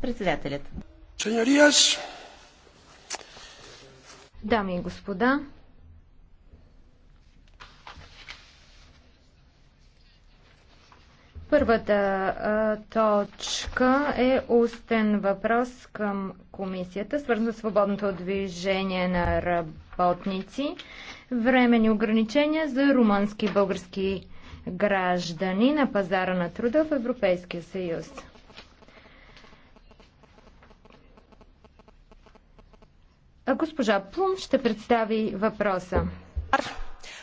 Председателят. Сеньориас. Дами и господа, Първата а, точка е устен въпрос към комисията, свързан с свободното движение на работници, времени ограничения за румънски и български граждани на пазара на труда в Европейския съюз. Госпожа Плум ще представи въпроса.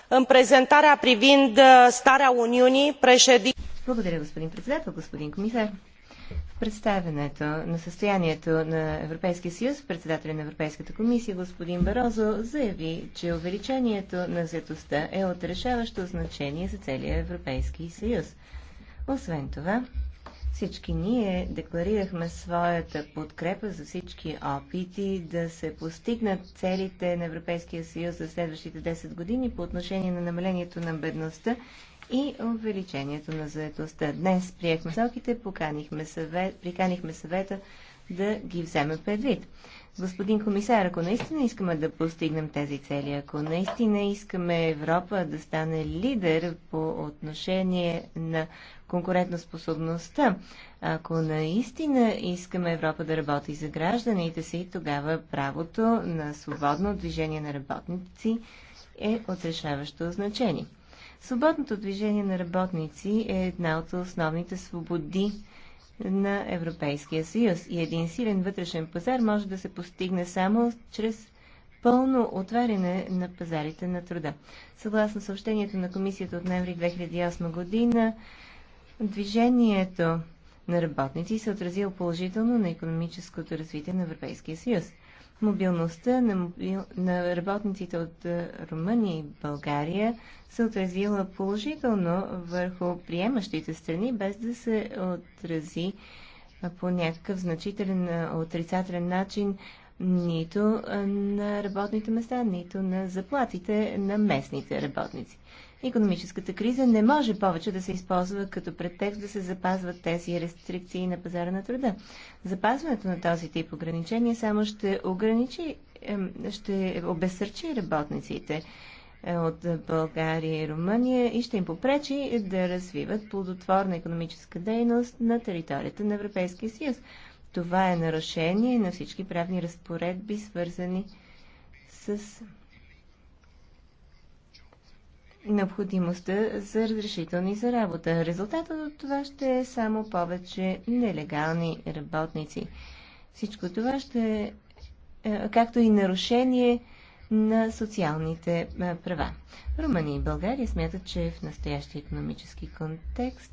În prezentarea privind э, starea Uniunii, președin... Благодаря, господин председател, господин комисар. В представянето на състоянието на Европейския съюз, председателя на Европейската комисия, господин Барозо, заяви, че увеличението на заетостта е от решаващо значение за целия Европейски съюз. Освен това, всички ние декларирахме своята подкрепа за всички опити да се постигнат целите на Европейския съюз за следващите 10 години по отношение на намалението на бедността и увеличението на заедостта. Днес приехме соките, поканихме съвет, приканихме съвета да ги вземе предвид. Господин комисар, ако наистина искаме да постигнем тези цели, ако наистина искаме Европа да стане лидер по отношение на конкурентоспособността. Ако наистина искаме Европа да работи за гражданите си, тогава правото на свободно движение на работници е от решаващо значение. Свободното движение на работници е една от основните свободи на Европейския съюз и един силен вътрешен пазар може да се постигне само чрез пълно отваряне на пазарите на труда. Съгласно съобщението на комисията от ноември 2008 година, Движението на работници се отразило положително на економическото развитие на Европейския съюз. Мобилността на, мобил... на работниците от е, Румъния и България се отразила положително върху приемащите страни, без да се отрази по някакъв значителен отрицателен начин нито на работните места, нито на заплатите на местните работници. Економическата криза не може повече да се използва като претекст да се запазват тези рестрикции на пазара на труда. Запазването на този тип ограничения само ще ограничи, ще обесърчи работниците е, от България и Румъния и ще им попречи да развиват плодотворна економическа дейност на територията на Европейския съюз. Това е нарушение на всички правни разпоредби, свързани с необходимостта за разрешителни за работа. Резултатът от това ще е само повече нелегални работници. Всичко това ще е, е както и нарушение на социалните е, права. Румъния и България смятат, че в настоящия економически контекст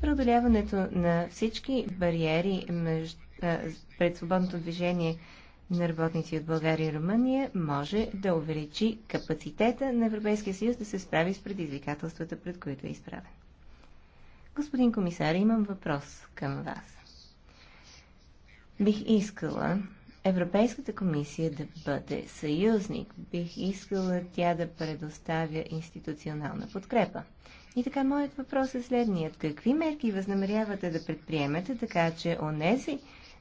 преодоляването на всички бариери между, е, пред свободното движение на работници от България и Румъния може да увеличи капацитета на Европейския съюз да се справи с предизвикателствата, пред които е изправен. Господин комисар, имам въпрос към вас. Бих искала Европейската комисия да бъде съюзник. Бих искала тя да предоставя институционална подкрепа. И така, моят въпрос е следният. Какви мерки възнамерявате да предприемете, така че онези,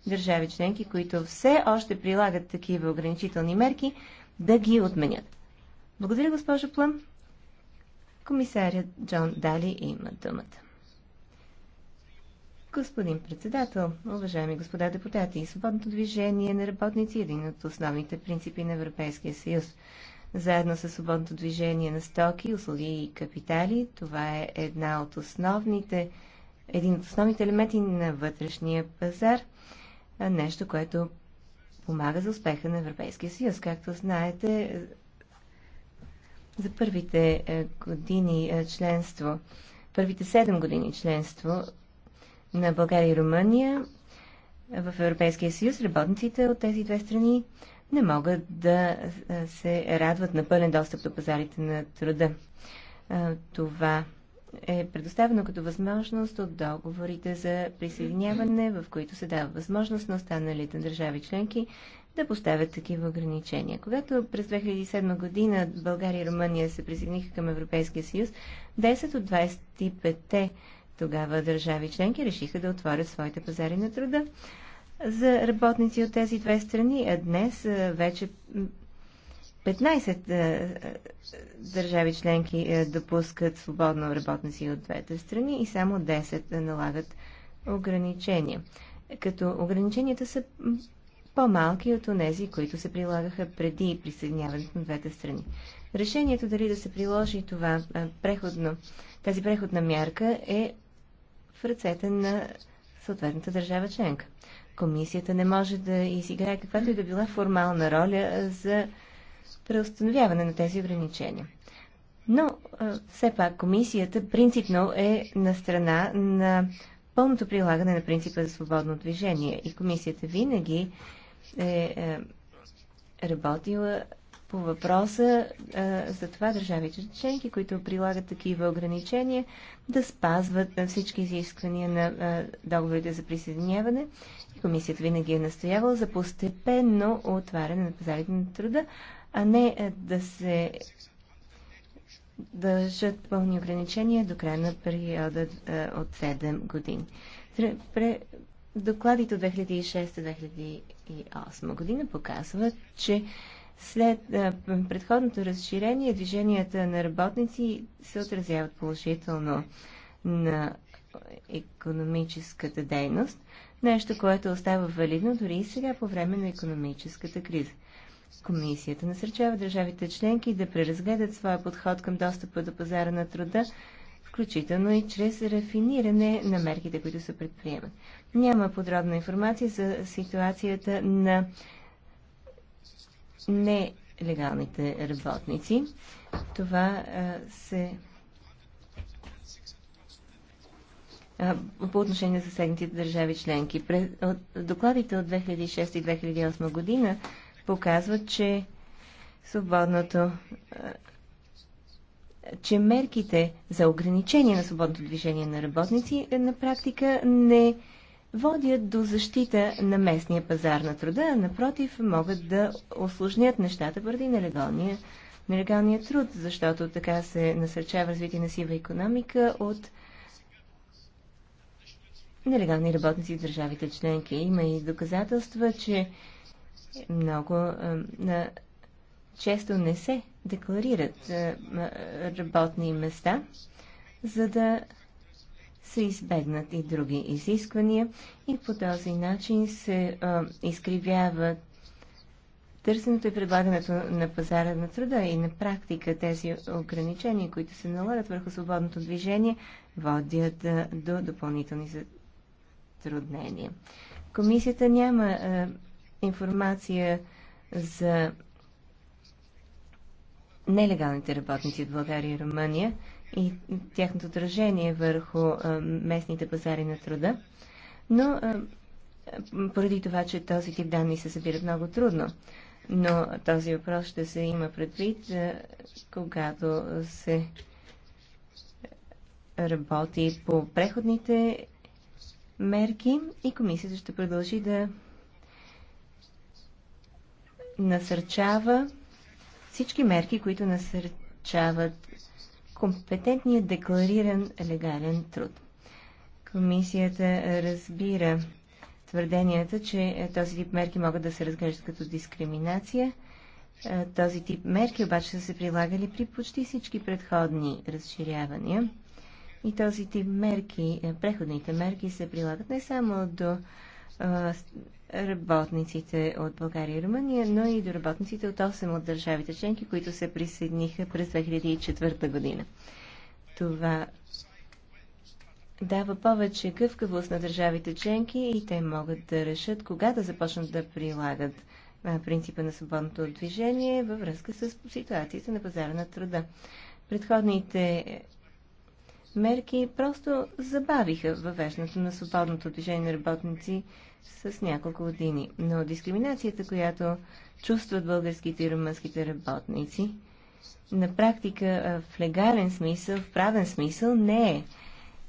държави членки, които все още прилагат такива ограничителни мерки, да ги отменят. Благодаря, госпожо Плъм. Комисарят Джон Дали има думата. Господин председател, уважаеми господа депутати, свободното движение на работници е един от основните принципи на Европейския съюз. Заедно с свободното движение на стоки, услуги и капитали, това е една от основните, един от основните елементи на вътрешния пазар – е нещо, което помага за успеха на Европейския съюз. Както знаете, за първите е, години е, членство, първите 7 години членство на България и Румъния в Европейския съюз, работниците от тези две страни не могат да се радват на пълен достъп до пазарите на труда. Това е предоставено като възможност от договорите за присъединяване, в които се дава възможност на останалите държави членки да поставят такива ограничения. Когато през 2007 година България и Румъния се присъединиха към Европейския съюз, 10 от 25-те тогава държави членки решиха да отворят своите пазари на труда за работници от тези две страни, а днес вече 15 е, е, държави членки е, допускат свободно сила от двете страни и само 10 налагат ограничения. Като ограниченията са по-малки от онези, които се прилагаха преди присъединяването на двете страни. Решението дали да се приложи това преходно, тази преходна мярка е в ръцете на съответната държава членка. Комисията не може да изиграе каквато и да била формална роля за преустановяване на тези ограничения. Но все пак комисията принципно е на страна на пълното прилагане на принципа за свободно движение и комисията винаги е, е работила по въпроса е, за това държавите членки, които прилагат такива ограничения, да спазват всички изисквания на е, договорите за присъединяване. И комисията винаги е настоявала за постепенно отваряне на пазарите на труда, а не е, да се държат пълни ограничения до края на периода е, от 7 години. Докладите от 2006-2008 година показват, че след е, предходното разширение движенията на работници се отразяват положително на економическата дейност, нещо, което остава валидно дори и сега по време на економическата криза. Комисията насърчава държавите членки да преразгледат своя подход към достъпа до пазара на труда, включително и чрез рафиниране на мерките, които се предприемат. Няма подробна информация за ситуацията на нелегалните работници. Това а, се по отношение на съседните държави членки. През докладите от 2006 и 2008 година показват, че свободното че мерките за ограничение на свободното движение на работници е, на практика не водят до защита на местния пазар на труда, а напротив могат да осложнят нещата поради нелегалния, нелегалния труд, защото така се насърчава развитие на сива економика от нелегални работници в държавите членки. Има и доказателства, че много е, а, често не се декларират а, е, работни места, за да се избегнат и други изисквания и по този начин се а, е, изкривяват търсенето и предлагането на пазара на труда и на практика тези ограничения, които се налагат върху свободното движение, водят а, до допълнителни затруднения. Комисията няма а, информация за нелегалните работници в България и Румъния и тяхното отражение върху местните пазари на труда. Но поради това, че този тип данни се събират много трудно. Но този въпрос ще се има предвид, когато се работи по преходните мерки и комисията ще продължи да насърчава всички мерки, които насърчават компетентния деклариран легален труд. Комисията разбира твърденията, че е, този тип мерки могат да се разглеждат като дискриминация. Е, този тип мерки обаче са се прилагали при почти всички предходни разширявания. И този тип мерки, е, преходните мерки се прилагат не само до работниците от България и Румъния, но и до работниците от 8 от държавите членки, които се присъединиха през 2004 година. Това дава повече гъвкавост на държавите членки и те могат да решат кога да започнат да прилагат принципа на свободното движение във връзка с ситуацията на пазара на труда. Предходните мерки просто забавиха въвеждането на свободното движение на работници с няколко години. Но дискриминацията, която чувстват българските и румънските работници, на практика в легален смисъл, в правен смисъл не е.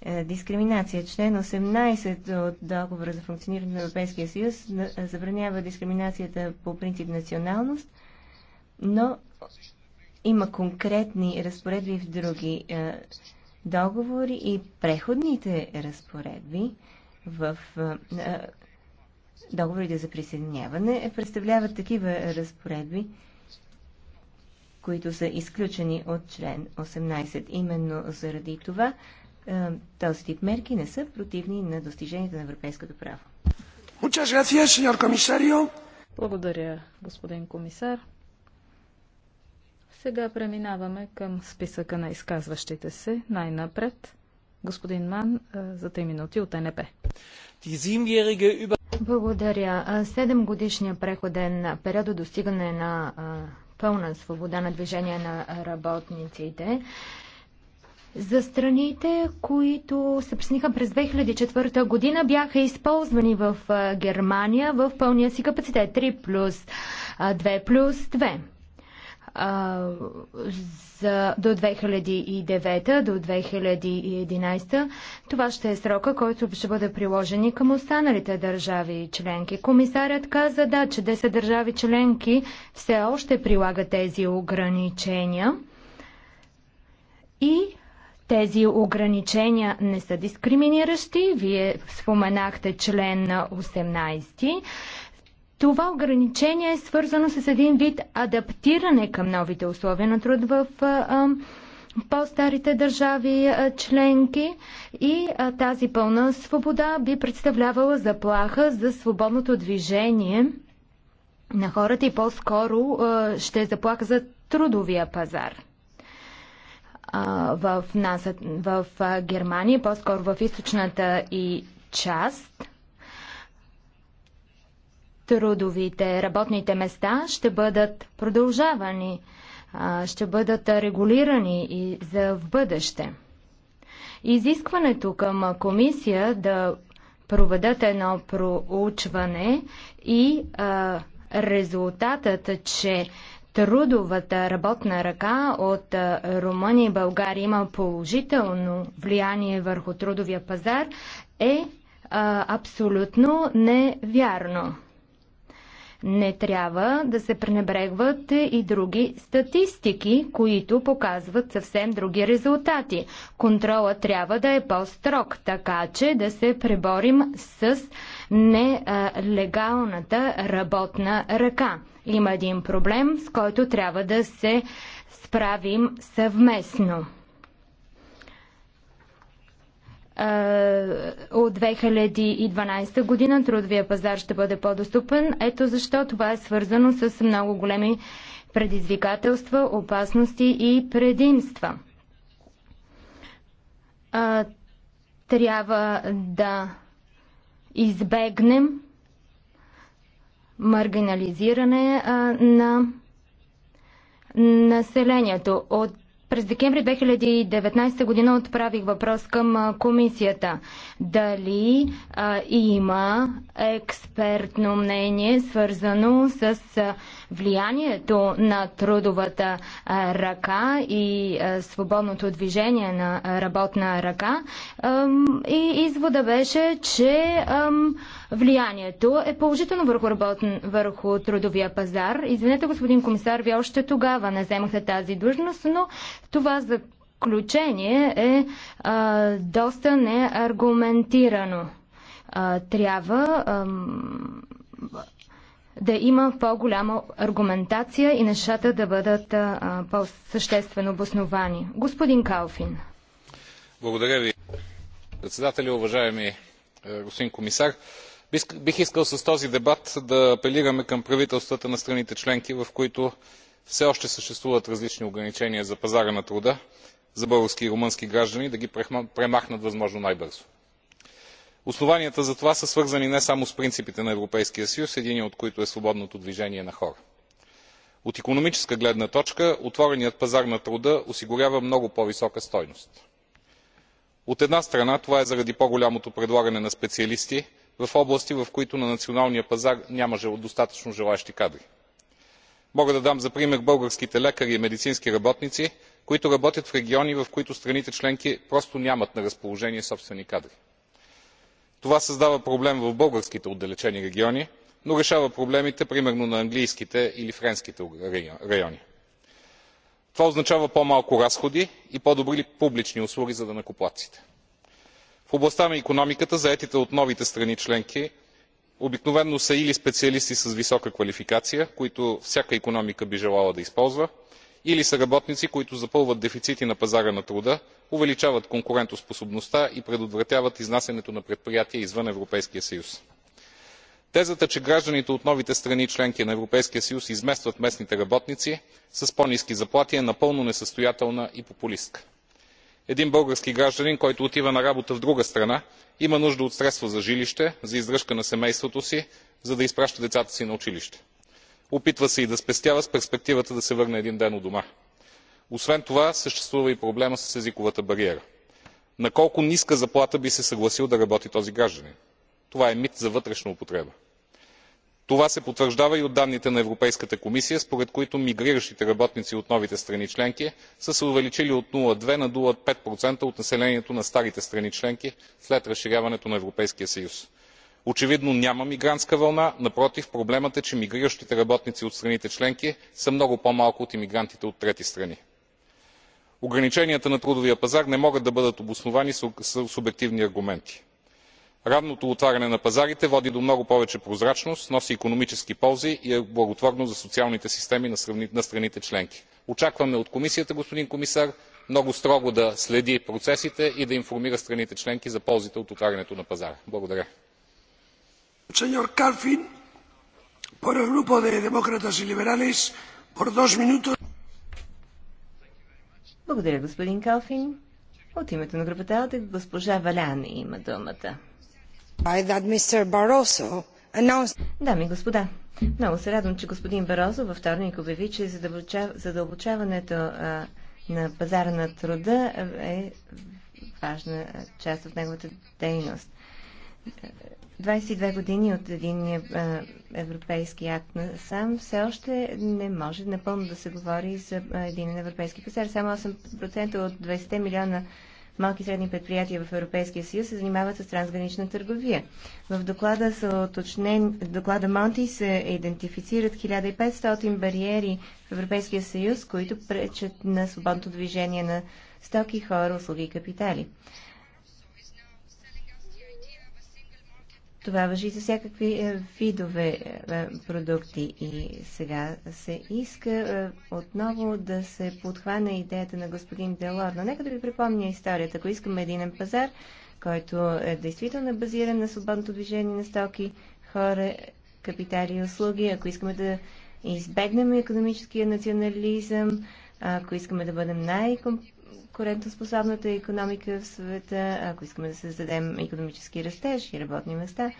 е дискриминация. Член 18 от договора за функциониране на Европейския съюз забранява дискриминацията по принцип националност, но има конкретни разпоредби в други е, договори и преходните разпоредби в е, договорите за присъединяване представляват такива разпоредби, които са изключени от член 18. Именно заради това е, този тип мерки не са противни на достиженията на европейското право. Благодаря, господин комисар. Сега преминаваме към списъка на изказващите се. Най-напред господин Ман е, за 3 минути от НП. Благодаря. Седем годишния преходен период до достигане на пълна свобода на движение на работниците. За страните, които се присниха през 2004 година, бяха използвани в Германия в пълния си капацитет 3 плюс 2 плюс 2 за, до 2009, до 2011. Това ще е срока, който ще бъде приложен и към останалите държави членки. Комисарят каза, да, че 10 държави членки все още прилагат тези ограничения. И тези ограничения не са дискриминиращи. Вие споменахте член на 18. Това ограничение е свързано с един вид адаптиране към новите условия на труд в по-старите държави членки и тази пълна свобода би представлявала заплаха за свободното движение на хората и по-скоро ще е заплаха за трудовия пазар. В, нас, в Германия, по-скоро в източната и част, трудовите работните места ще бъдат продължавани, ще бъдат регулирани и за в бъдеще. Изискването към комисия да проведат едно проучване и а, резултатът, че трудовата работна ръка от Румъния и България има положително влияние върху трудовия пазар, е а, абсолютно невярно. Не трябва да се пренебрегват и други статистики, които показват съвсем други резултати. Контрола трябва да е по-строг, така че да се преборим с нелегалната работна ръка. Има един проблем, с който трябва да се справим съвместно от 2012 година трудовия пазар ще бъде по-достъпен. Ето защо това е свързано с много големи предизвикателства, опасности и предимства. Трябва да избегнем маргинализиране на населението. От през декември 2019 година отправих въпрос към комисията. Дали а, има експертно мнение, свързано с а, влиянието на трудовата ръка и свободното движение на работна ръка. И извода беше, че влиянието е положително върху, работен, върху трудовия пазар. Извинете, господин комисар, вие още тогава не вземахте тази длъжност, но това заключение е а, доста неаргументирано. А, трябва. А, да има по-голяма аргументация и нещата да бъдат по-съществено обосновани. Господин Калфин. Благодаря ви, председатели, уважаеми е, господин комисар. Бих искал с този дебат да апелираме към правителствата на страните членки, в които все още съществуват различни ограничения за пазара на труда за български и румънски граждани, да ги премахнат възможно най-бързо основанията за това са свързани не само с принципите на европейския съюз единият от които е свободното движение на хора. от икономическа гледна точка отвореният пазар на труда осигурява много по висока стойност. от една страна това е заради по голямото предлагане на специалисти в области в които на националния пазар няма достатъчно желаещи кадри. мога да дам за пример българските лекари и медицински работници които работят в региони в които страните членки просто нямат на разположение собствени кадри това създава проблем в българските отдалечени региони но решава проблемите примерно на английските или френските райони. това означава по малко разходи и по добри публични услуги за данъкоплатците. в областта на икономиката заетите от новите страни членки обикновено са или специалисти с висока квалификация които всяка икономика би желала да използва или са работници които запълват дефицити на пазара на труда увеличават конкурентоспособността и предотвратяват изнасянето на предприятия извън европейския съюз. тезата че гражданите от новите страни членки на европейския съюз изместват местните работници с по ниски заплати е напълно несъстоятелна и популистка. един български гражданин който отива на работа в друга страна има нужда от средства за жилище за издръжка на семейството си за да изпраща децата си на училище опитва се и да спестява с перспективата да се върне един ден у дома. освен това съществува и проблемът с езиковата бариера. на колко ниска заплата би се съгласил да работи този гражданин? това е мит за вътрешна употреба. това се потвърждава и от данните на европейската комисия според които мигриращите работници от новите страни членки са се увеличили от нула две на нула пет от населението на старите страни членки след разширяването на европейския съюз очевидно няма мигрантска вълна напротив проблемът е че мигриращите работници от страните членки са много по малко от имигрантите от трети страни. ограниченията на трудовия пазар не могат да бъдат обосновани с обективни аргументи. ранното отваряне на пазарите води до много повече прозрачност носи икономически ползи и е благотворно за социалните системи на страните членки. очакваме от комисията господин комисар много строго да следи процесите и да информира страните членки за ползите от отварянето на пазара. благодаря. Благодаря, господин Калфин. От името на групата Алде, госпожа Валян има думата. Дами и господа, много се радвам, че господин Барозо във вторник обяви, че задълбочаването на пазара на труда е важна част от неговата дейност. 22 години от един европейски акт на сам, все още не може напълно да се говори за един европейски пазар. Само 8% от 20 милиона малки и средни предприятия в Европейския съюз се занимават с трансгранична търговия. В доклада, са уточнен, доклада Монти се идентифицират 1500 бариери в Европейския съюз, които пречат на свободното движение на стоки, хора, услуги и капитали. Това въжи за всякакви е, видове е, е, продукти и сега се иска отново да се подхване идеята на господин Делор. Но нека да ви припомня историята. Ако искаме един пазар, който е действително базиран на свободното движение на стоки, хора, капитали и услуги, ако искаме да избегнем економическия национализъм, ако искаме да бъдем най-компетентни, конкурентоспособната економика в света, ако искаме да създадем економически растеж и работни места,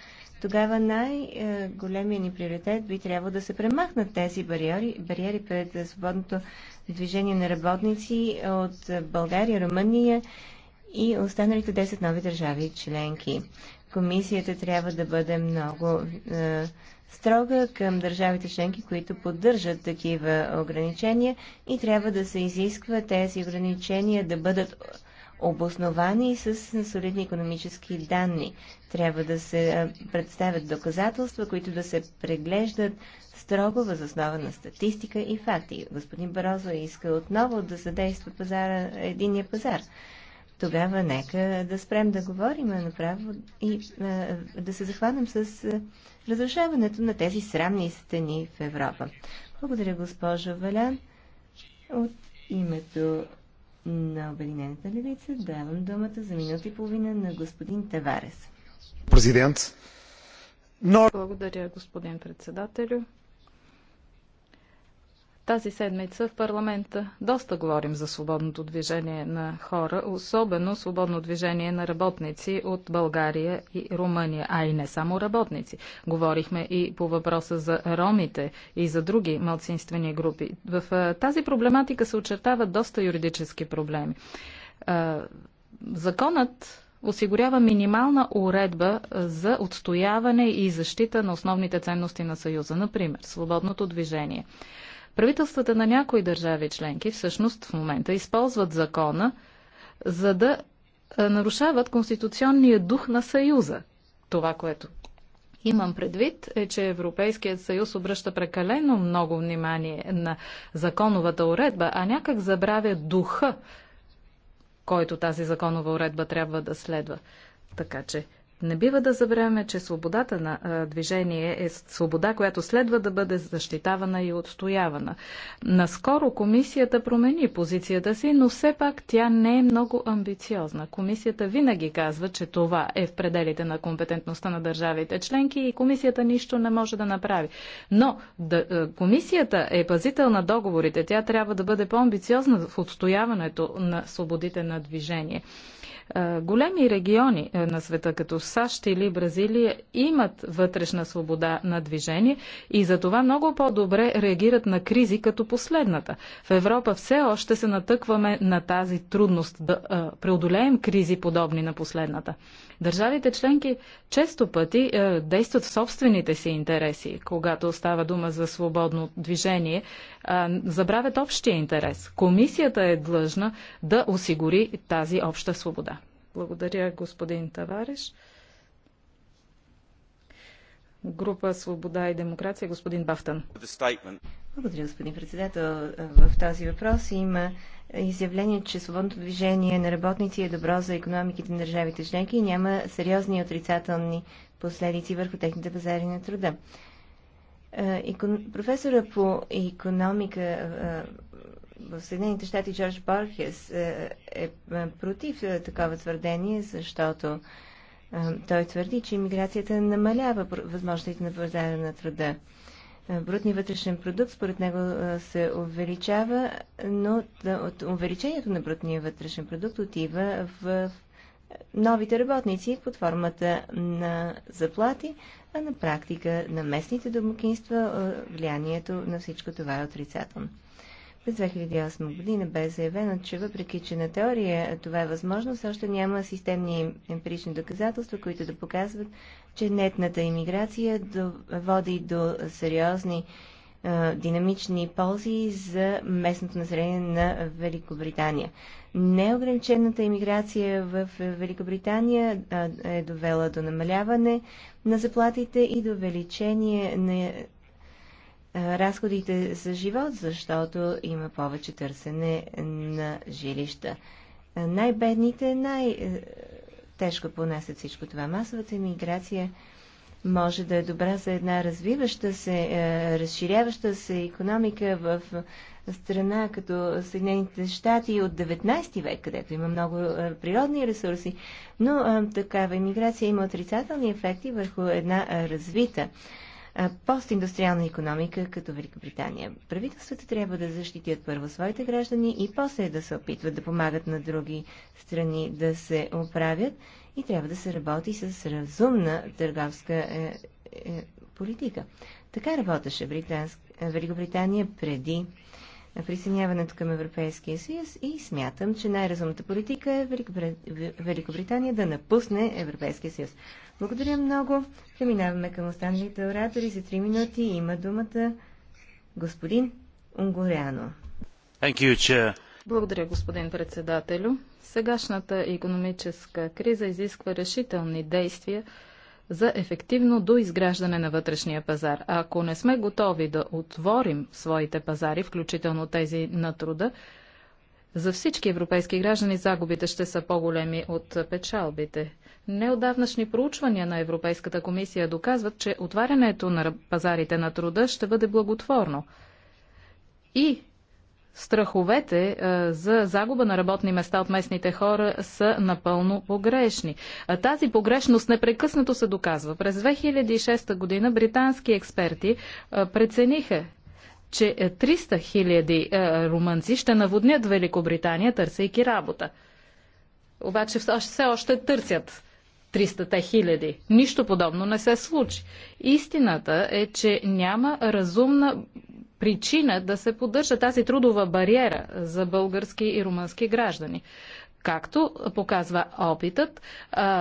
тогава най-големия ни приоритет би трябвало да се премахнат тези бариери, бариери пред свободното движение на работници от България, Румъния и останалите 10 нови държави членки. Комисията трябва да бъде много е, строга към държавите членки, които поддържат такива ограничения и трябва да се изисква тези ограничения да бъдат обосновани и с солидни економически данни. Трябва да се представят доказателства, които да се преглеждат строго възоснова на статистика и факти. Господин Барозо е иска отново да задейства пазара, единия пазар тогава нека да спрем да говорим направо и да се захванем с разрушаването на тези срамни стени в Европа. Благодаря, госпожо Валян. От името на Обединената левица давам думата за минута и половина на господин Таварес. Президент. Но... Благодаря, господин председателю. Тази седмица в парламента доста говорим за свободното движение на хора, особено свободно движение на работници от България и Румъния, а и не само работници. Говорихме и по въпроса за ромите и за други малцинствени групи. В тази проблематика се очертават доста юридически проблеми. Законът осигурява минимална уредба за отстояване и защита на основните ценности на Съюза, например свободното движение. Правителствата на някои държави членки всъщност в момента използват закона, за да е, нарушават конституционния дух на Съюза. Това, което Имам предвид, е, че Европейският съюз обръща прекалено много внимание на законовата уредба, а някак забравя духа, който тази законова уредба трябва да следва. Така че не бива да забравяме, че свободата на движение е свобода, която следва да бъде защитавана и отстоявана. Наскоро комисията промени позицията си, но все пак тя не е много амбициозна. Комисията винаги казва, че това е в пределите на компетентността на държавите членки и комисията нищо не може да направи. Но да, комисията е пазител на договорите. Тя трябва да бъде по-амбициозна в отстояването на свободите на движение. Големи региони на света, като САЩ или Бразилия, имат вътрешна свобода на движение и за това много по-добре реагират на кризи като последната. В Европа все още се натъкваме на тази трудност да преодолеем кризи подобни на последната. Държавите членки често пъти е, действат в собствените си интереси, когато става дума за свободно движение, е, забравят общия интерес. Комисията е длъжна да осигури тази обща свобода. Благодаря, господин Тавареш. Група Свобода и демокрация, господин Бафтан. Благодаря, господин председател. В този въпрос има изявление, че свободното движение на работници е добро за економиките на държавите членки и няма сериозни отрицателни последици върху техните пазари на труда. Е, икон... Професора по економика е, в Съединените щати Джордж Борхес е, е против такова твърдение, защото той твърди, че иммиграцията намалява възможностите на пазара на труда. Е, брутни вътрешен продукт, според него е, се увеличава, но от увеличението на брутния вътрешен продукт отива в новите работници под формата на заплати, а на практика на местните домакинства е, влиянието на всичко това е отрицателно. През 2008 година бе заявено, че въпреки, че на теория това е възможно, също няма системни емпирични доказателства, които да показват, че нетната иммиграция води до сериозни динамични ползи за местното население на Великобритания. Неограничената иммиграция в Великобритания е довела до намаляване на заплатите и до увеличение на е, разходите за живот, защото има повече търсене на жилища. Е, най-бедните най-тежко понасят всичко това. Масовата иммиграция може да е добра за една развиваща се, е, разширяваща се економика в страна като Съединените щати от 19 век, където има много природни ресурси, но такава иммиграция има отрицателни ефекти върху една развита постиндустриална економика като Великобритания. Правителствата трябва да защитят първо своите граждани и после да се опитват да помагат на други страни да се оправят и трябва да се работи с разумна търговска е, е, политика. Така работеше Британск... Великобритания преди присъединяването към Европейския съюз и смятам, че най-разумната политика е Великобритания да напусне Европейския съюз. Благодаря много. Преминаваме към останалите оратори. За 3 минути има думата господин Унгоряно. You, Благодаря, господин председателю. Сегашната економическа криза изисква решителни действия за ефективно доизграждане на вътрешния пазар. А ако не сме готови да отворим своите пазари, включително тези на труда, за всички европейски граждани загубите ще са по-големи от печалбите. Неодавнашни проучвания на Европейската комисия доказват, че отварянето на пазарите на труда ще бъде благотворно и страховете е, за загуба на работни места от местните хора са напълно погрешни. Тази погрешност непрекъснато се доказва. През 2006 година британски експерти е, прецениха, че 300 е, хиляди румънци ще наводнят Великобритания, търсейки работа. Обаче все още търсят 300 хиляди. Нищо подобно не се случи. Истината е, че няма разумна причина да се поддържа тази трудова бариера за български и румънски граждани. Както показва опитът,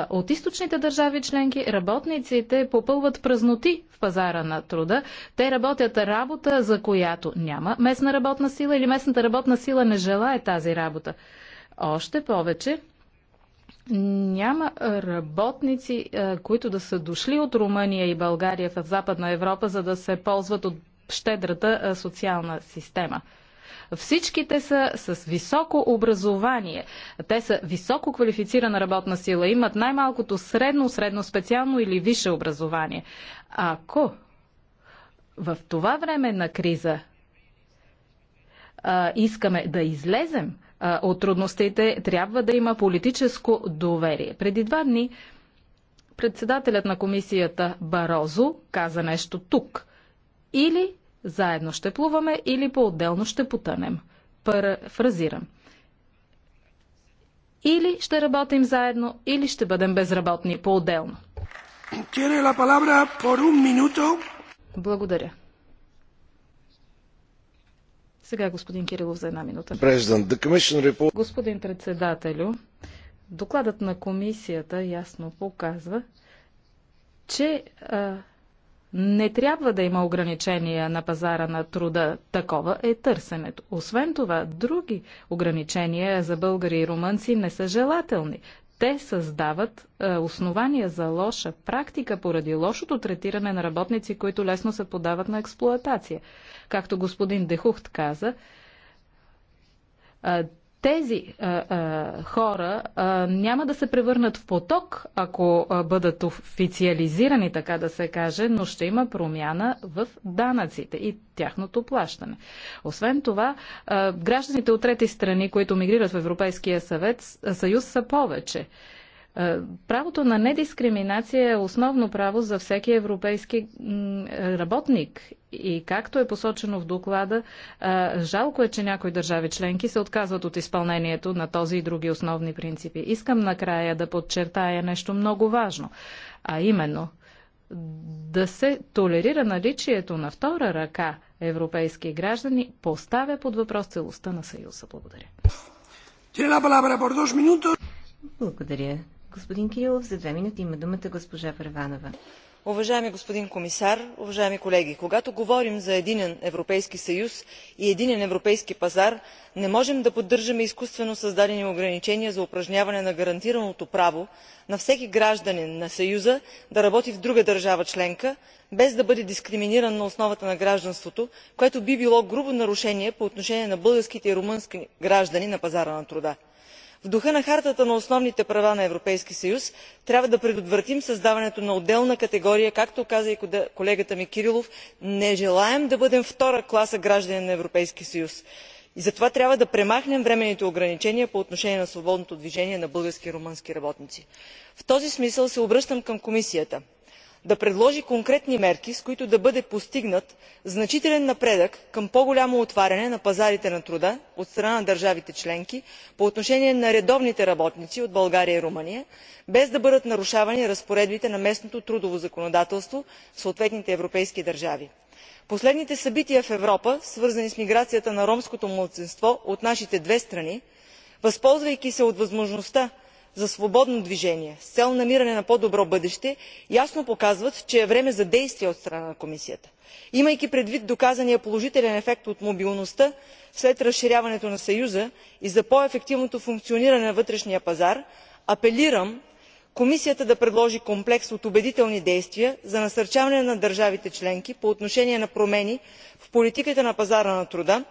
от източните държави членки работниците попълват празноти в пазара на труда. Те работят работа, за която няма местна работна сила или местната работна сила не желая тази работа. Още повече, няма работници, е, които да са дошли от Румъния и България в Западна Европа, за да се ползват от щедрата е, социална система. Всичките са с високо образование. Те са високо квалифицирана работна сила. Имат най-малкото средно, средно специално или висше образование. Ако в това време на криза а, искаме да излезем от трудностите, трябва да има политическо доверие. Преди два дни председателят на комисията Барозо каза нещо тук. Или заедно ще плуваме, или по-отделно ще потънем. Парафразирам. Или ще работим заедно, или ще бъдем безработни по-отделно. Благодаря. Сега господин Кирилов за една минута. Господин председателю, докладът на комисията ясно показва, че а, не трябва да има ограничения на пазара на труда. Такова е търсенето. Освен това, други ограничения за българи и румънци не са желателни. Те създават а, основания за лоша практика поради лошото третиране на работници, които лесно се подават на експлоатация както господин Дехухт каза, тези а, а, хора а, няма да се превърнат в поток, ако а, бъдат официализирани, така да се каже, но ще има промяна в данъците и тяхното плащане. Освен това, а, гражданите от трети страни, които мигрират в Европейския съвет, съюз са повече. Е, правото на недискриминация е основно право за всеки европейски работник. И както е посочено в доклада, е, жалко е, че някои държави членки се отказват от изпълнението на този и други основни принципи. Искам накрая да подчертая нещо много важно, а именно да се толерира наличието на втора ръка европейски граждани поставя под въпрос целостта на Съюза. Благодаря. Благодаря господин Кирилов. За две минути има думата госпожа Първанова. Уважаеми господин комисар, уважаеми колеги, когато говорим за единен Европейски съюз и единен европейски пазар, не можем да поддържаме изкуствено създадени ограничения за упражняване на гарантираното право на всеки гражданин на съюза да работи в друга държава членка без да бъде дискриминиран на основата на гражданството което би било грубо нарушение по отношение на българските и румънски граждани на пазара на труда в духа на хартата на основните права на европейския съюз трябва да предотвратим създаването на отделна категория както каза и колегата ми кирилов не желаем да бъдем втора класа граждани на европейския съюз и затова трябва да премахнем временните ограничения по отношение на свободното движение на български и румънски работници. в този смисъл се обръщам към комисията да предложи конкретни мерки с които да бъде постигнат значителен напредък към по голямо отваряне на пазарите на труда от страна на държавите членки по отношение на редовните работници от българя и румъния без да бъдат нарушавани разпоредбите на местното трудово законодателство в съответните европейски държави. последните събития в европа свързани с миграцията на ромското малцинство от нашите две страни възползвайки се от възможността за свободно движение с цел намиране на по добро бъдеще ясно показват че е време за действия от страна на комисията. имайки предвид доказания положителен ефект от мобилността след разширяването на съюза и за по ефективното функциониране на вътрешния пазар апелирам комисията да предложи комплекс от убедителни действия за насърчаване на държавите членки по отношение на промени в политиката на пазара на труда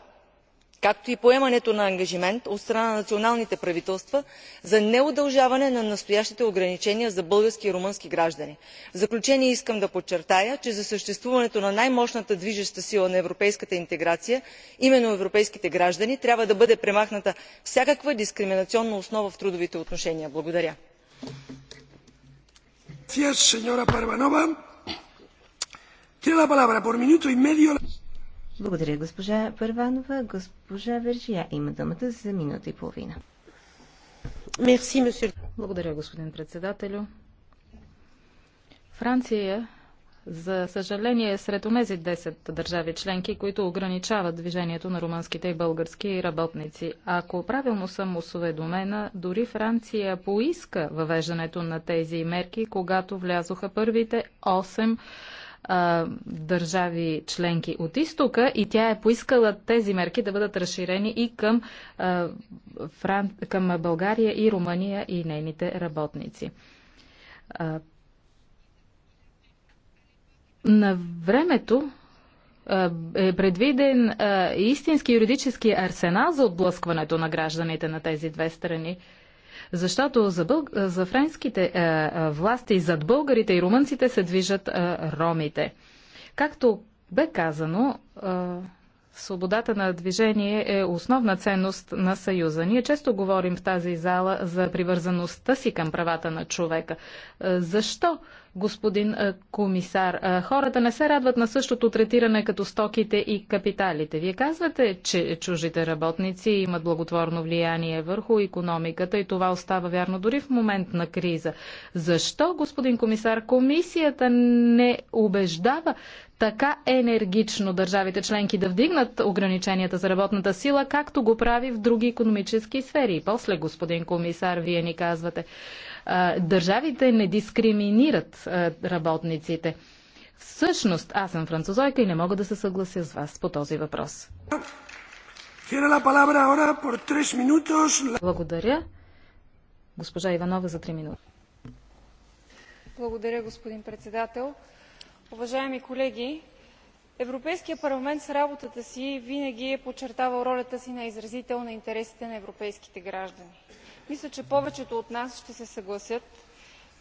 както и поемането на ангажимент от страна на националните правителства за неудължаване на настоящите ограничения за български и румънски граждани. в заключение искам да подчертая че за съществуването на най мощната движеща сила на европейската интеграция именно европейските граждани трябва да бъде премахната всякаква дискриминационна основа в трудовите отношения. благодаря. Благодаря, госпожа Първанова. Госпожа Вержия има думата за минута и половина. Мерси, месье. Благодаря, господин председателю. Франция, за съжаление, е сред онези 10 държави членки, които ограничават движението на румънските и български работници. Ако правилно съм осведомена, дори Франция поиска въвеждането на тези мерки, когато влязоха първите 8 а, държави членки от изтока и тя е поискала тези мерки да бъдат разширени и към, а, Фран... към България и Румъния и нейните работници. А, на времето е предвиден истински юридически арсенал за отблъскването на гражданите на тези две страни. Защото за, бълг... за френските е, е, власти, зад българите и румънците се движат е, ромите. Както бе казано, Свободата на движение е основна ценност на Съюза. Ние често говорим в тази зала за привързаността си към правата на човека. Е, защо, господин е, комисар, е, хората не се радват на същото третиране като стоките и капиталите? Вие казвате, че чужите работници имат благотворно влияние върху економиката и това остава вярно дори в момент на криза. Защо, господин комисар, комисията не убеждава така енергично държавите членки да вдигнат ограниченията за работната сила, както го прави в други економически сфери. И после, господин комисар, вие ни казвате, държавите не дискриминират работниците. Всъщност, аз съм французойка и не мога да се съглася с вас по този въпрос. Благодаря. Госпожа Иванова за 3 минути. Благодаря, господин председател уважаеми колеги! Европейският парламент с работата си винаги е подчертавал ролята си на изразител на интересите на европейските граждани. Мисля, че повечето от нас ще се съгласят,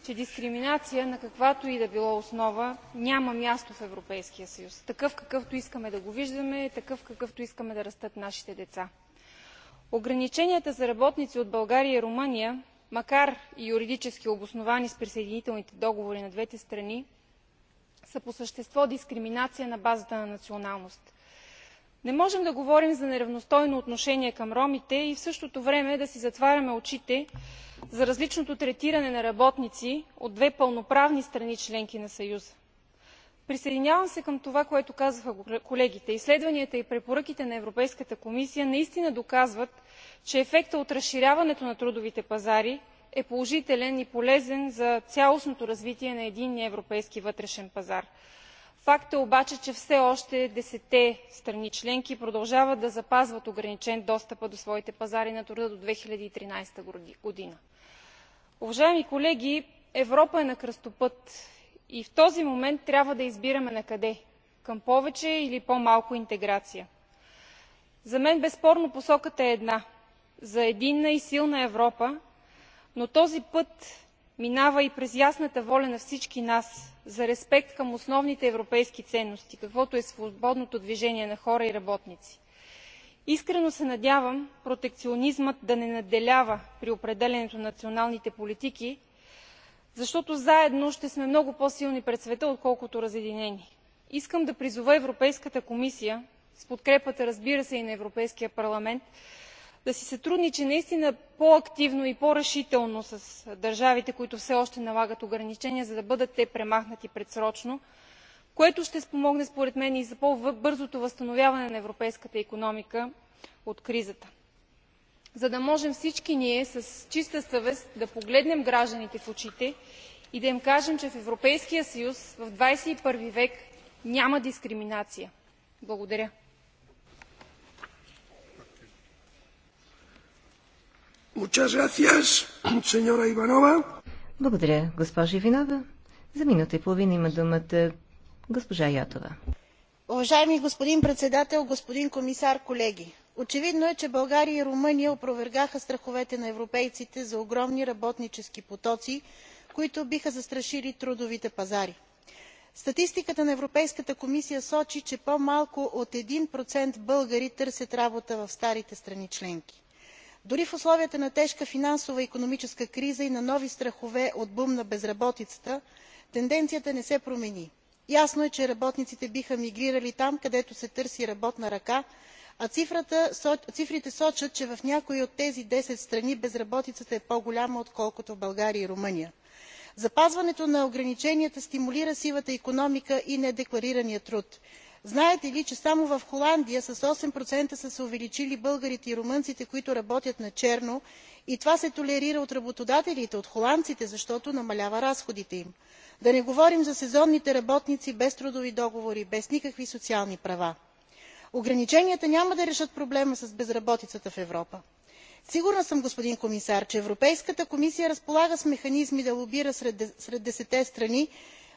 че дискриминация на каквато и да било основа няма място в Европейския съюз, такъв какъвто искаме да го виждаме, такъв какъвто искаме да растат нашите деца. Ограниченията за работници от България и Румъния, макар и юридически обосновани с присъединителните договори на двете страни, са по същество дискриминация на базата на националност. не можем да говорим за неравностойно отношение към ромите и в същото време да си затваряме очите за различното третиране на работници от две пълноправни страни – членки на съюза. присъединявам се към това което казаха колегите. изследванията и препоръките на европейската комисия наистина доказват че ефектът от разширяването на трудовите пазари е положителен и полезен за цялостното развитие на единния европейски вътрешен пазар. факт е обаче че все още десетте страни членки продължават да запазват ограничен достъпа до своите пазари на труда до. 2013 хиляди г. уважаеми колеги европа е на кръстопът и в този момент трябва да избираме накъде към повече или по малко интеграция. за мен безспорно посоката е една за единна и силна европа но този път минава и през ясната воля на всички нас за респект към основните европейски ценности каквото е свободното движение на хора и работници. искрено се надявам протекционизмът да не надделява при определянето на националните политики защото заедно ще сме много по силни пред света отколкото разединени. искам да призова европейската комисия с подкрепата разбира се и на европейския парламент да си сътрудничи наистина по активно и по решително с държавите които все още налагат ограничения за да бъдат те премахнати предсрочно което ще спомогне според мен и за по бързото възстановяване на европейската икономика от кризата за да можем всички ние с чиста съвест да погледнем гражданите в очите и да им кажем че в европейския съюз в двадесет първи век няма дискриминация. благодаря. Благодаря, госпожа Иванова. За минута и половина има думата госпожа Ятова. Уважаеми господин председател, господин комисар, колеги! Очевидно е, че България и Румъния опровергаха страховете на европейците за огромни работнически потоци, които биха застрашили трудовите пазари. Статистиката на Европейската комисия сочи, че по-малко от 1% българи търсят работа в старите страни членки дори в условията на тежка финансова и икономическа криза и на нови страхове от бум на безработицата тенденцията не се промени. ясно е че работниците биха мигрирали там където се търси работна ръка а цифрите сочат че в някои от тези десет страни безработицата е по голяма отколкото в българия и румъния. запазването на ограниченията стимулира сивата икономика и недекларирания труд знаете ли че само в холандия с осем са се увеличили българите и румънците които работят на черно и това се толерира от работодателите от холандците защото намалява разходите им? да не говорим за сезонните работници без трудови договори без никакви социални права. ограниченията няма да решат проблема с безработицата в европа. сигурна съм господин комисар че европейската комисия разполага с механизми да лобира сред десетте страни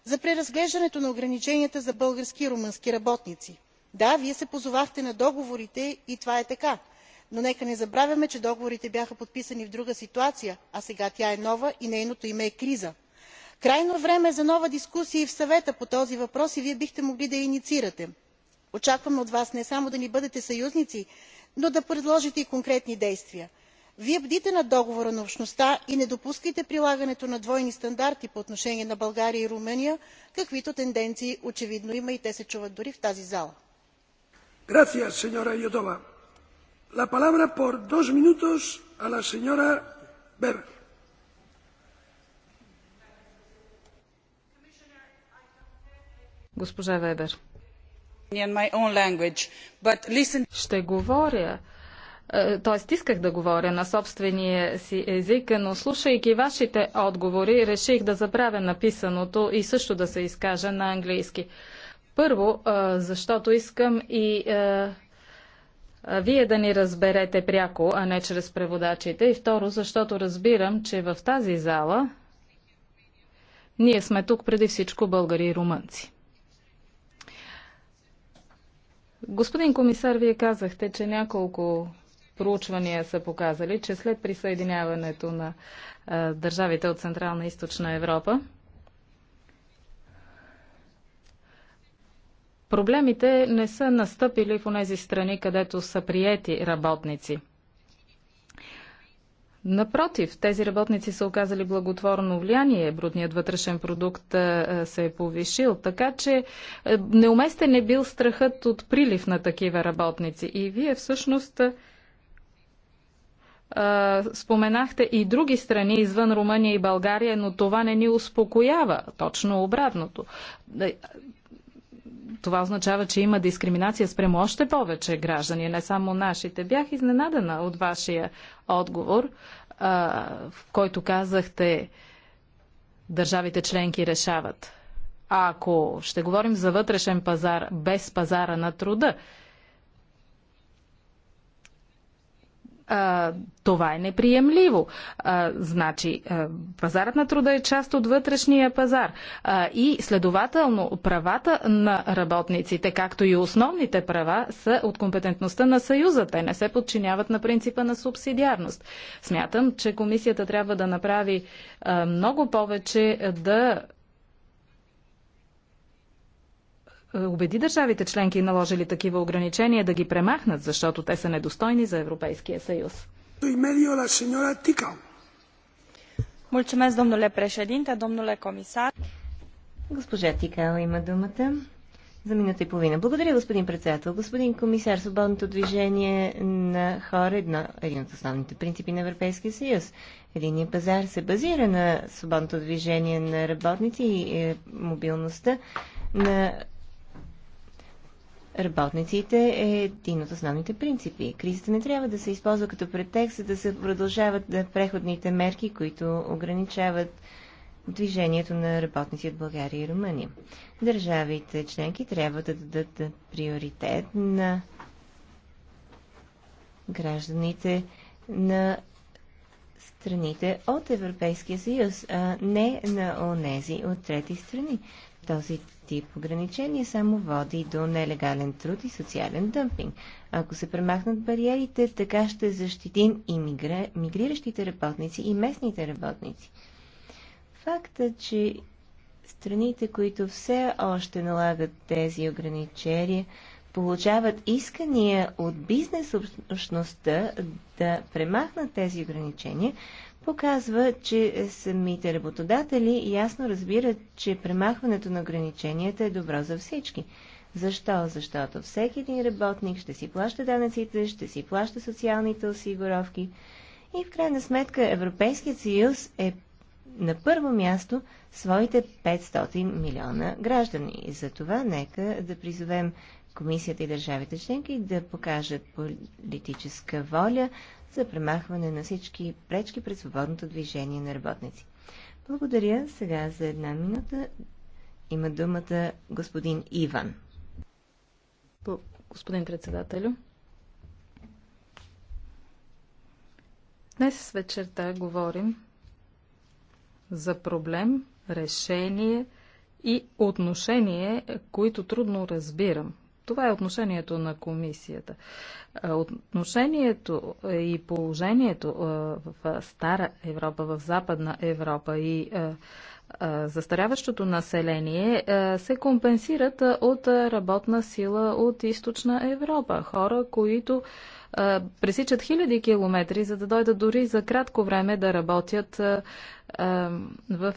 за преразглеждането на ограниченията за български и румънски работници. да вие се позовахте на договорите и това е така но нека не забравяме че договорите бяха подписани в друга ситуация а сега тя е нова и нейното име е криза. крайно време е за нова дискусия и в съвета по този въпрос и вие бихте могли да я инициирате. Очаквам от вас не само да ни бъдете съюзници но да предложите и конкретни действия вие бдите над договора на общността и не допускайте прилагането на двойни стандарти по отношение на българя и румъния каквито тенденции очевидно има и те се чуват дори в тази зала. Ще говоря т.е. исках да говоря на собствения си език, но слушайки вашите отговори, реших да забравя написаното и също да се изкажа на английски. Първо, е, защото искам и е, вие да ни разберете пряко, а не чрез преводачите. И второ, защото разбирам, че в тази зала ние сме тук преди всичко българи и румънци. Господин комисар, вие казахте, че няколко проучвания са показали, че след присъединяването на а, държавите от Централна и Източна Европа, проблемите не са настъпили в тези страни, където са приети работници. Напротив, тези работници са оказали благотворно влияние, брутният вътрешен продукт се е повишил, така че неуместен е бил страхът от прилив на такива работници. И вие всъщност споменахте и други страни извън Румъния и България, но това не ни успокоява. Точно обратното. Това означава, че има дискриминация спрямо още повече граждани, не само нашите. Бях изненадана от вашия отговор, в който казахте държавите членки решават. А ако ще говорим за вътрешен пазар без пазара на труда, а, това е неприемливо. А, значи, а, пазарът на труда е част от вътрешния пазар. А, и следователно, правата на работниците, както и основните права, са от компетентността на Съюза. Те не се подчиняват на принципа на субсидиарност. Смятам, че комисията трябва да направи а, много повече да Е, убеди държавите членки, наложили такива ограничения, да ги премахнат, защото те са недостойни за Европейския съюз. domnule președinte, domnule comisar. Госпожа Тикал, има думата за минута и половина. Благодаря, господин председател. Господин комисар, свободното движение на хора е едно, един от основните принципи на Европейския съюз. Единият пазар се базира на свободното движение на работници и е, мобилността на работниците е един от основните принципи. Кризата не трябва да се използва като претекст, за да се продължават преходните мерки, които ограничават движението на работници от България и Румъния. Държавите членки трябва да дадат приоритет на гражданите на страните от Европейския съюз, а не на онези от трети страни. Този тип ограничения само води до нелегален труд и социален дъмпинг. Ако се премахнат бариерите, така ще защитим и мигра... мигриращите работници и местните работници. Факта, че страните, които все още налагат тези ограничения, получават искания от бизнес общността да премахнат тези ограничения, показва, че самите работодатели ясно разбират, че премахването на ограниченията е добро за всички. Защо? Защото всеки един работник ще си плаща данъците, ще си плаща социалните осигуровки и в крайна сметка Европейският съюз е на първо място своите 500 милиона граждани. И за това нека да призовем комисията и държавите членки да покажат политическа воля за премахване на всички пречки пред свободното движение на работници. Благодаря. Сега за една минута има думата господин Иван. Господин председателю, днес вечерта говорим за проблем, решение и отношение, които трудно разбирам – това е отношението на комисията. Отношението и положението в Стара Европа, в Западна Европа и застаряващото население се компенсират от работна сила от източна Европа. Хора, които пресичат хиляди километри, за да дойдат дори за кратко време да работят в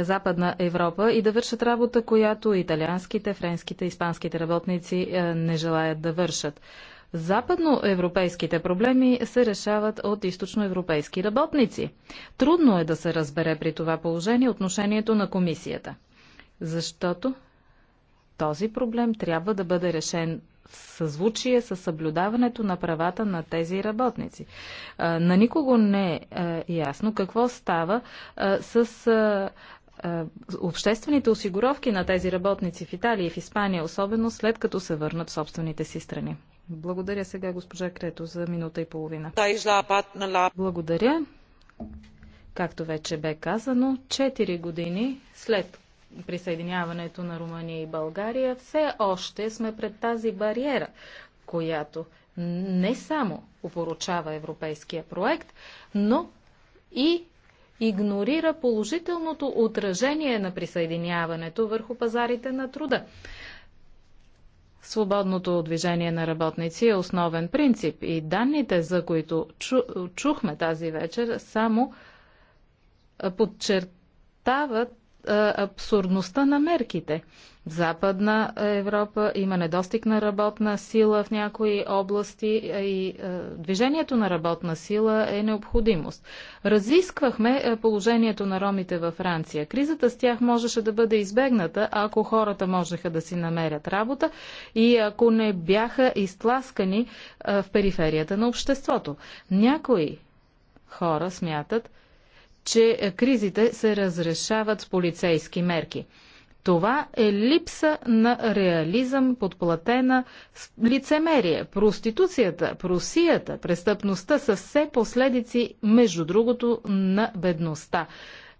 Западна Европа и да вършат работа, която италианските, френските, испанските работници е, не желаят да вършат. Западноевропейските проблеми се решават от източноевропейски работници. Трудно е да се разбере при това положение отношението на комисията, защото този проблем трябва да бъде решен съзвучие с съблюдаването на правата на тези работници. На никого не е, е ясно какво става е, с е, обществените осигуровки на тези работници в Италия и в Испания, особено след като се върнат в собствените си страни. Благодаря сега госпожа Крето за минута и половина. Благодаря. Както вече бе казано, 4 години след присъединяването на Румъния и България, все още сме пред тази бариера, която не само опоручава европейския проект, но и игнорира положителното отражение на присъединяването върху пазарите на труда. Свободното движение на работници е основен принцип и данните, за които чу, чухме тази вечер, само подчертават абсурдността на мерките. В Западна Европа има недостиг на работна сила в някои области и движението на работна сила е необходимост. Разисквахме положението на ромите във Франция. Кризата с тях можеше да бъде избегната, ако хората можеха да си намерят работа и ако не бяха изтласкани в периферията на обществото. Някои хора смятат, че кризите се разрешават с полицейски мерки. Това е липса на реализъм, подплатена с лицемерие. Проституцията, просията, престъпността са все последици, между другото, на бедността.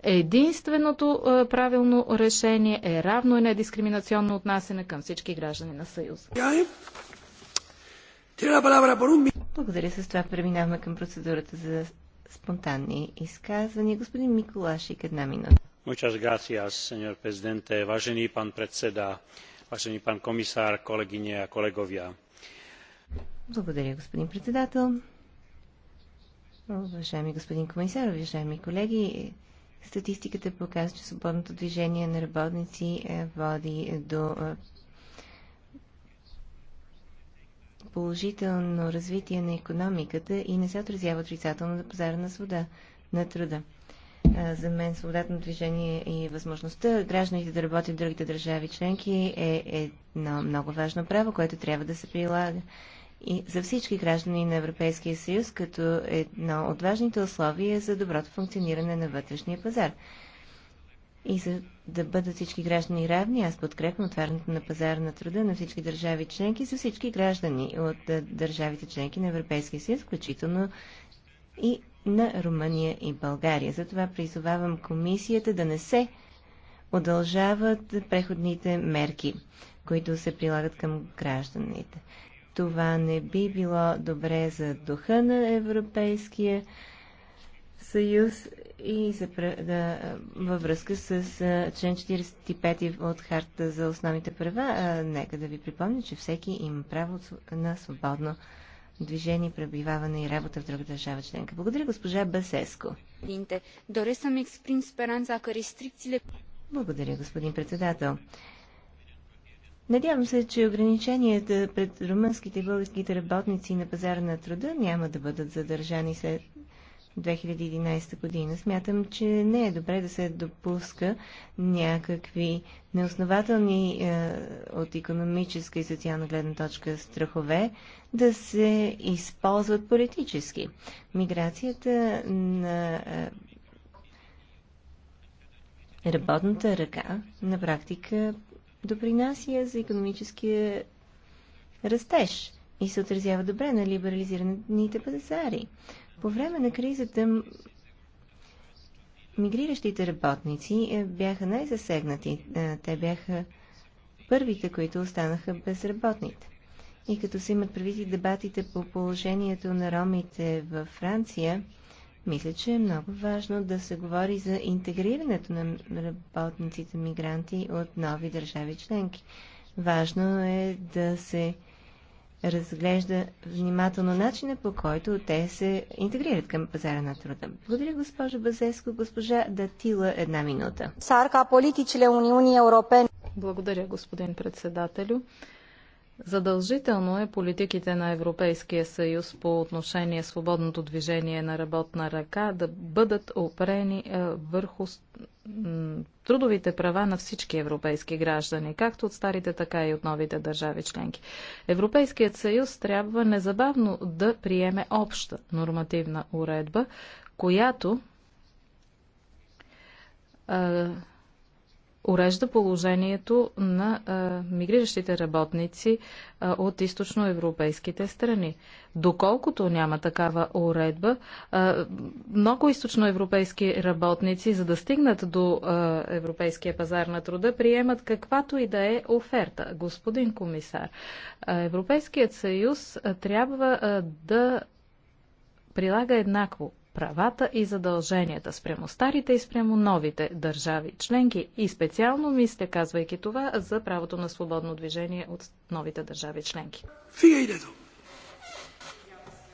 Единственото е, правилно решение е равно и недискриминационно отнасяне към всички граждани на Съюз. Благодаря. С това преминаваме към процедурата за спонтанни изказвания. Господин Миколашик, една минута. Muchas gracias, señor presidente, vážený pán predseda, vážený pán komisár, kolegyne a kolegovia. Благодаря, господин председател. Уважаеми господин комисар, уважаеми колеги, статистиката показва, че свободното движение на работници е, води до е, положително развитие на економиката и не се отразява отрицателно на пазара на, свобода, на труда. За мен свободата на движение и възможността гражданите да работят в другите държави членки е едно много важно право, което трябва да се прилага и за всички граждани на Европейския съюз като едно от важните условия за доброто функциониране на вътрешния пазар и за да бъдат всички граждани равни, аз подкрепям отварянето на пазара на труда на всички държави членки за всички граждани от държавите членки на Европейския съюз, включително и на Румъния и България. Затова призовавам комисията да не се удължават преходните мерки, които се прилагат към гражданите. Това не би било добре за духа на Европейския съюз и за, да, във връзка с а, член 45 от Харта за основните права, а, нека да ви припомня, че всеки има право на свободно движение, пребиваване и работа в друга държава членка. Благодаря, госпожа Басеско. Благодаря, господин председател. Надявам се, че ограниченията пред румънските и българските работници на пазара на труда няма да бъдат задържани след 2011 година. Смятам, че не е добре да се допуска някакви неоснователни е, от економическа и социална гледна точка страхове да се използват политически. Миграцията на е, работната ръка на практика допринася за економическия растеж и се отразява добре на либерализираните пазари. По време на кризата мигриращите работници е, бяха най-засегнати. Е, те бяха първите, които останаха безработните. И като се имат предвид дебатите по положението на ромите във Франция, мисля, че е много важно да се говори за интегрирането на работниците мигранти от нови държави членки. Важно е да се разглежда внимателно начина по който те се интегрират към пазара на труда. Благодаря, госпожа Базеско. Госпожа Датила, една минута. Сарка, Европен. Благодаря, господин председателю. Задължително е политиките на Европейския съюз по отношение свободното движение на работна ръка да бъдат опрени е, върху трудовите права на всички европейски граждани, както от старите, така и от новите държави членки. Европейският съюз трябва незабавно да приеме обща нормативна уредба, която е, урежда положението на а, мигриращите работници а, от източноевропейските страни. Доколкото няма такава уредба, а, много източноевропейски работници, за да стигнат до а, европейския пазар на труда, приемат каквато и да е оферта. Господин комисар, а, Европейският съюз а, трябва а, да прилага еднакво правата и задълженията спрямо старите и спрямо новите държави членки. И специално мисля, казвайки това, за правото на свободно движение от новите държави членки. Фигейдето!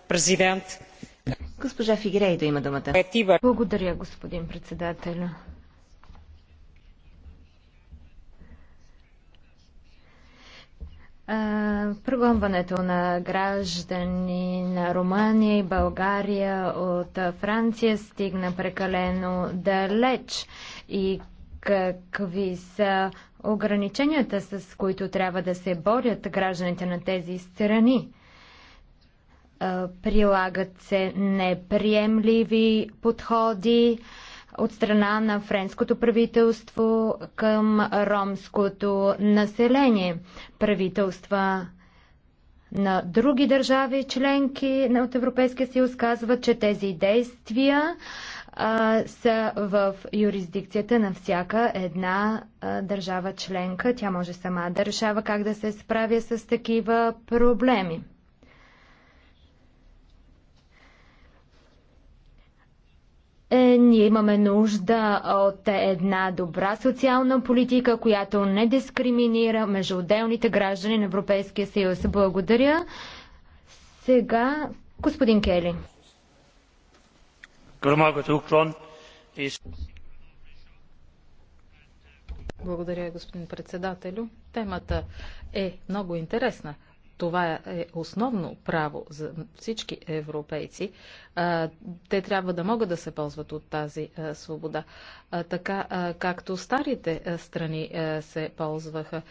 Президент! Госпожа Фигрейдо има думата. Е, Благодаря, господин председател. Прогонването на граждани на Румъния и България от Франция стигна прекалено далеч и какви са ограниченията, с които трябва да се борят гражданите на тези страни. Прилагат се неприемливи подходи, от страна на френското правителство към ромското население. Правителства на други държави членки от Европейския съюз казват, че тези действия а, са в юрисдикцията на всяка една а, държава членка. Тя може сама да решава как да се справя с такива проблеми. ние имаме нужда от една добра социална политика, която не дискриминира между отделните граждани на Европейския съюз. Благодаря. Сега господин Кели. Благодаря, господин председателю. Темата е много интересна това е основно право за всички европейци, те трябва да могат да се ползват от тази свобода. Така както старите страни се ползваха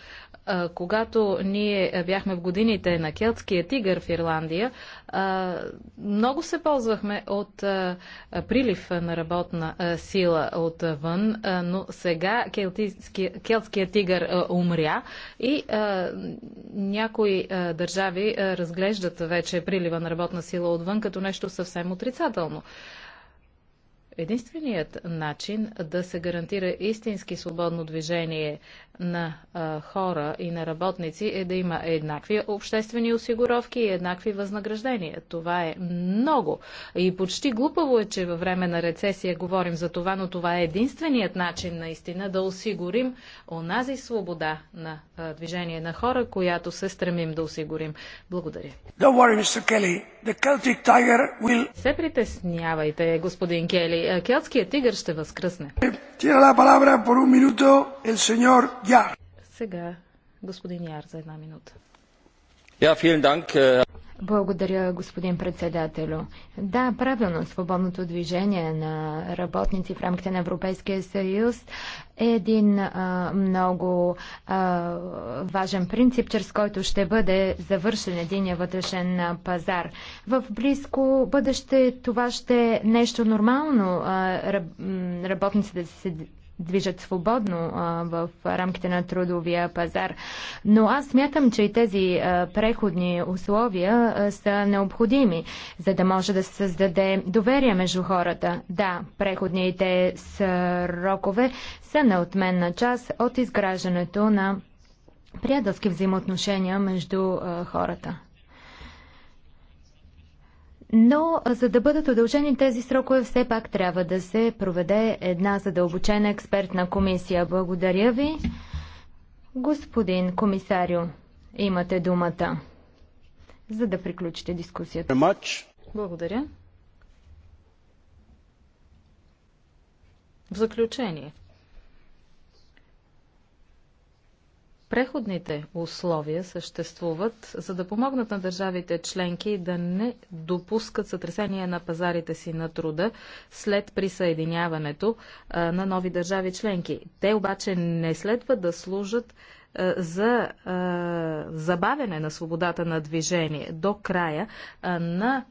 когато ние бяхме в годините на келтския тигър в Ирландия, много се ползвахме от прилив на работна сила отвън, но сега келтския тигър умря и някои държави разглеждат вече прилива на работна сила отвън като нещо съвсем отрицателно. Единственият начин да се гарантира истински свободно движение на а, хора и на работници е да има еднакви обществени осигуровки и еднакви възнаграждения. Това е много. И почти глупаво е, че във време на рецесия говорим за това, но това е единственият начин наистина да осигурим онази свобода на а, движение на хора, която се стремим да осигурим. Благодаря. Worry, will... Се притеснявайте, господин Кели. Келтският тигър ще възкръсне. Tiene la palabra por un сега господин Яр за една минута. данк. Äh, благодаря, господин председателю. Да, правилно, свободното движение на работници в рамките на Европейския съюз е един а, много а, важен принцип, чрез който ще бъде завършен един вътрешен пазар. В близко бъдеще това ще е нещо нормално а, работниците да се движат свободно в рамките на трудовия пазар. Но аз смятам, че и тези преходни условия са необходими, за да може да се създаде доверие между хората. Да, преходните срокове са неотменна част от изграждането на приятелски взаимоотношения между хората. Но за да бъдат удължени тези срокове, все пак трябва да се проведе една задълбочена експертна комисия. Благодаря ви. Господин комисарио, имате думата, за да приключите дискусията. Благодаря. В заключение, Преходните условия съществуват, за да помогнат на държавите членки да не допускат сътресение на пазарите си на труда след присъединяването на нови държави членки. Те обаче не следва да служат за забавяне на свободата на движение до края на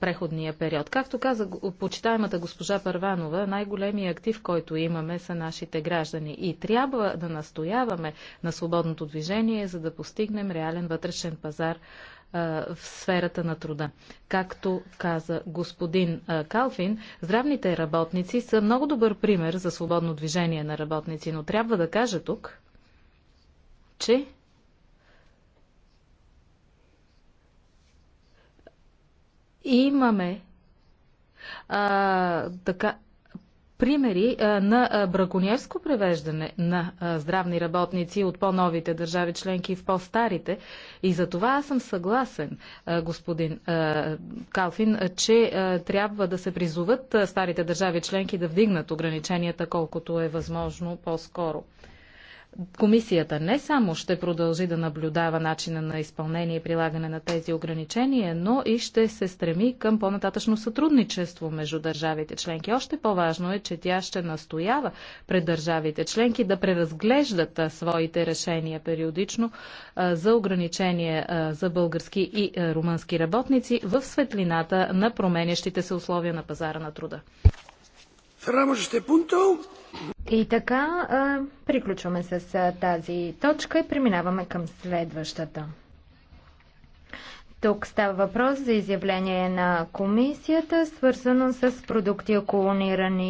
преходния период. Както каза почитаемата госпожа Първанова, най-големият актив, който имаме, са нашите граждани. И трябва да настояваме на свободното движение, за да постигнем реален вътрешен пазар в сферата на труда. Както каза господин Калфин, здравните работници са много добър пример за свободно движение на работници, но трябва да кажа тук, че имаме а, така, примери а, на браконьерско превеждане на а, здравни работници от по-новите държави членки в по-старите. И за това аз съм съгласен, а, господин Калфин, че трябва да се призоват старите държави членки да вдигнат ограниченията колкото е възможно по-скоро. Комисията не само ще продължи да наблюдава начина на изпълнение и прилагане на тези ограничения, но и ще се стреми към по-нататъчно сътрудничество между държавите членки. Още по-важно е, че тя ще настоява пред държавите членки да преразглеждат своите решения периодично за ограничение за български и румънски работници в светлината на променящите се условия на пазара на труда. И така, приключваме с тази точка и преминаваме към следващата. Тук става въпрос за изявление на комисията, свързано с продукти околонирани